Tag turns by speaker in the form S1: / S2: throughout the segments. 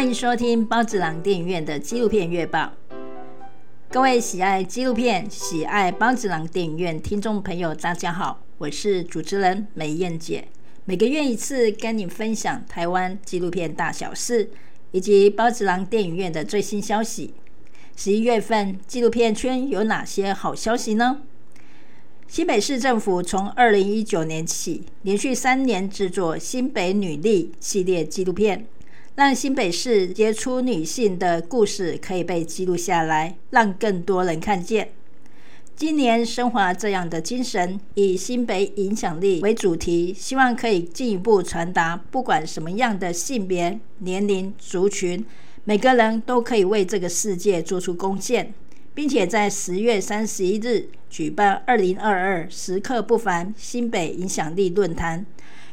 S1: 歡迎收聽孢子囊電影院的紀錄片月報。各位喜愛紀錄片、喜愛孢子囊電影院聽眾朋友，大家好，我是主持人美艷姊，每個月一次跟你分享台灣紀錄片大小事以及孢子囊電影院的最新消息。十一月份紀錄片圈有哪些好消息呢？新北市政府從二零一九年起，連續三年制作新北女力系列紀錄片。讓新北市傑出女性的故事可以被記錄下來，讓更多人看見。今年升華這樣的精神，以新北影響力為主題，希望可以進一步傳達，不管什麼樣的性別、年齡、族群，每個人都可以為這個世界做出貢獻，並且在十月三十一日舉辦二零二二時刻不凡新北影響力論壇。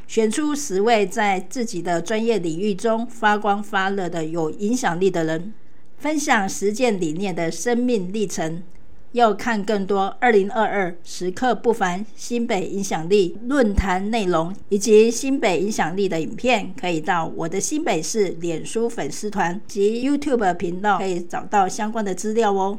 S1: 選出十位在自己的專業領域中發光發熱的有影響力的人，分享實踐理念的生命歷程。要看更多二零二二時刻不凡新北影響力論壇內容以及新北影響力的影片，可以到我的新北市臉書粉絲團及 YouTube 頻道，可以找到相關的資料哦。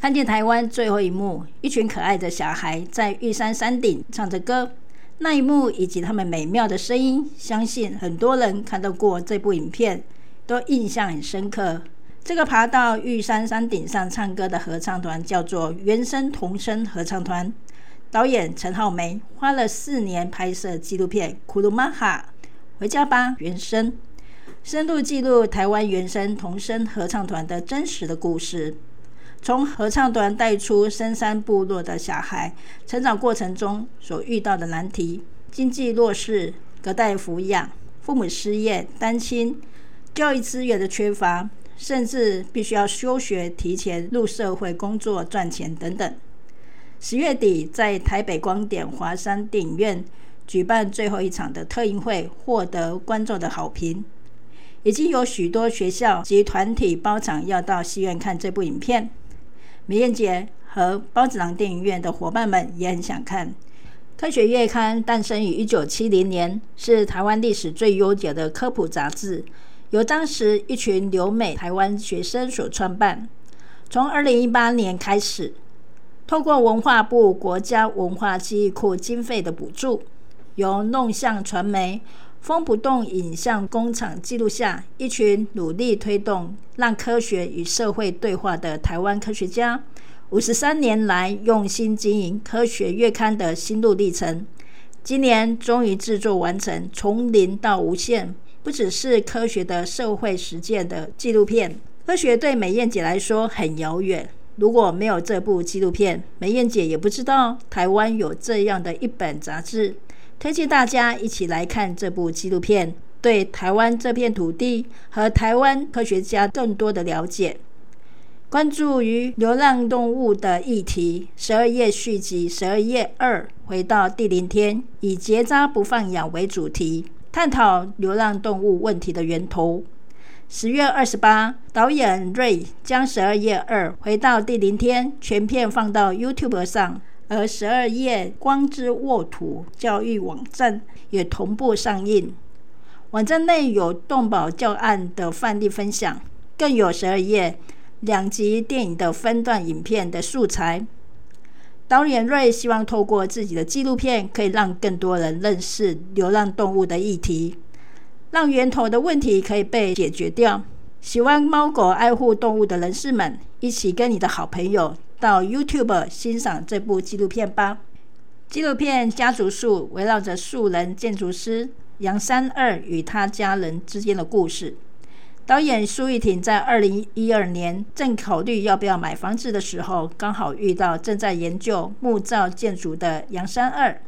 S1: 看見台灣最後一幕，一群可愛的小孩在玉山山頂唱着歌。那一幕以及他們美妙的聲音，相信很多人看到過這部影片，都印象很深刻。這個爬到玉山山頂上唱歌的合唱團叫做原聲童聲合唱團，導演陳浩梅花了四年拍攝紀錄片《庫魯瑪哈回家吧原聲》，深度記錄台灣原聲童聲合唱團的真實的故事。從合唱團帶出深山部落的小孩成長過程中所遇到的難題：經濟弱勢、隔代撫養、父母失業、單親、教育資源的缺乏，甚至必須要休學、提前入社會工作賺錢等等。十月底在台北光點華山電影院舉辦最後一場的特映會，獲得觀眾的好評。已經有許多學校及團體包場要到戲院看這部影片。美艷姊和孢子囊電影院的夥伴們也很想看。《科學月刊》誕生於一九七零年，是台灣歷史最悠久的科普雜誌，由當時一群留美台灣學生所創辦。從二零一八年開始，透過文化部國家文化記憶庫經費的補助，由弄像傳媒。風不動影像工廠記錄下一群努力推動讓科學與社會對話的台灣科學家，五十三年來用心經營科學月刊的心路歷程。今年終於製作完成《從零到無限》，不只是科學的社會實踐的紀錄片。科學對美艷姐來說很遙遠，如果沒有這部紀錄片，美艷姐也不知道台灣有這樣的一本雜誌。推薦大家一起來看這部紀錄片，對台灣這片土地和台灣科學家更多的了解。關注於流浪動物的議題，十二夜續集，十二夜二，回到第零天，以結扎不放養為主題，探討流浪動物問題的源頭。十月二十八，導演 Raye 將十二夜二回到第零天，全片放到 YouTube 上。而十二夜光之沃土教育網站也同步上映，網站內有動保教案的範例分享，更有十二夜兩集電影的分段影片的素材。導演瑞希望透過自己的紀錄片，可以讓更多人認識流浪動物的議題，讓源頭的問題可以被解決掉。喜歡貓狗愛護動物的人士們，一起跟你的好朋友到 YouTube 欣賞這部紀錄片吧。紀錄片《家族樹》圍繞着樹人建築師楊三二與他家人之間的故事。導演蘇玉婷在二零一二年正考慮要不要買房子的時候，剛好遇到正在研究木造建築的楊三二。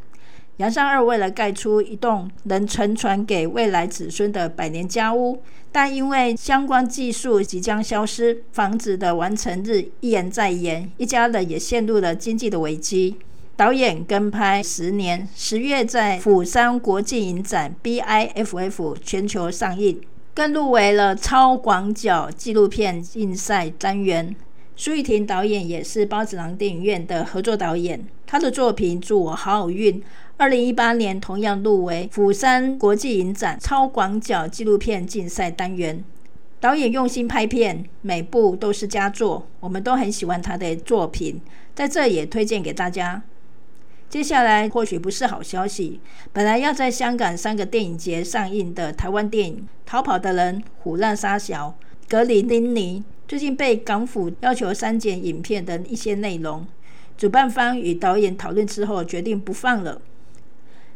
S1: 楊尚二為了蓋出一棟能承傳給未來子孫的百年家屋，但因為相關技術即將消失，房子的完成日一延再延，一家人也陷入了經濟的危機。導演跟拍十年，十月在釜山國際影展 （B I F F） 全球上映，更入圍了超廣角紀錄片競賽單元。蘇玉婷導演也是孢子囊電影院的合作導演，她的作品《祝我好好運》。二零一八年，同樣入圍釜山國際影展超廣角紀錄片競賽單元。導演用心拍片，每部都是佳作，我們都很喜歡他的作品，在這也推薦給大家。接下來或許不是好消息，本來要在香港三個電影節上映的台灣電影《逃跑的人》《唬爛三小》《格林尼尼》，最近被港府要求刪減影片的一些內容，主辦方與導演討論之後，決定不放了。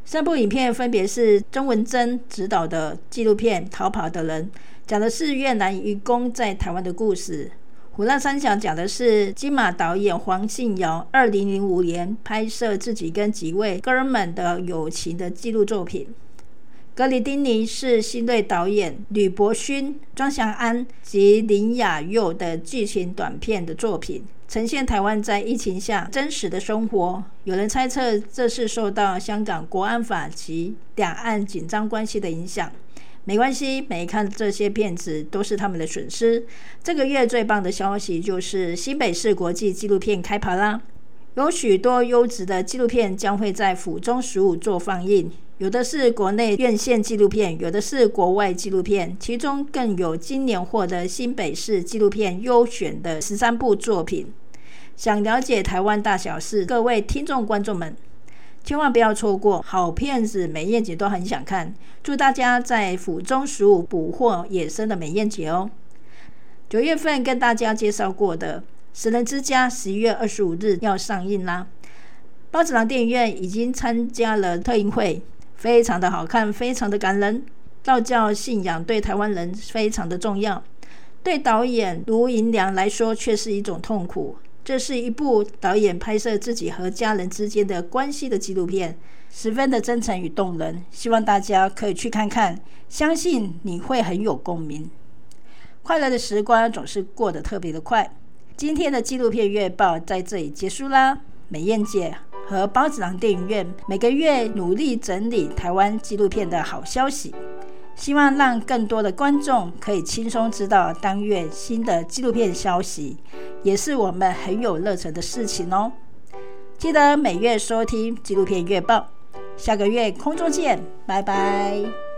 S1: 三部影片分別是曾文珍執導的紀錄片《逃跑的人》，講的是越南漁工在台灣的故事；《唬爛三小》講的是金馬導演黃信堯二零零五年拍攝自己跟幾位哥們的友情的紀錄作品；《格里丁尼》是新銳導演呂伯勳、莊祥安及林雅佑的劇情短片的作品。呈現台灣在疫情下真實的生活。有人猜測，這是受到香港國安法及兩岸緊張關係的影響。沒關係，沒看這些片子都是他們的損失。這個月最棒的消息就是新北市國際紀錄片月開跑啦！有許多優質的紀錄片將會在府中十五做放映，有的是國內院線紀錄片，有的是國外紀錄片，其中更有今年獲得新北市紀錄片優選的十三部作品。想了解台灣大小事，各位聽眾觀眾們，千萬不要錯過好片子。美艷姊都很想看，祝大家在府中十五捕獲野生的美艷姊哦。九月份跟大家介紹過的《食人之家》，十一月二十五日要上映啦。孢子囊電影院已經參加了特映會，非常的好看，非常的感人。道教信仰對台灣人非常的重要，對導演盧盈良來說卻是一種痛苦。這是一部導演拍攝自己和家人之間的關係的紀錄片，十分的真誠與動人，希望大家可以去看看，相信你會很有共鳴。快樂的時光總是過得特別的快，今天的紀錄片月報在這裡結束啦。美艷姊和孢子囊電影院每個月努力整理台灣紀錄片的好消息，希望讓更多的觀眾可以輕鬆知道當月新的紀錄片消息，也是我們很有熱忱的事情哦。記得每月收聽紀錄片月報，下個月空中見，拜拜。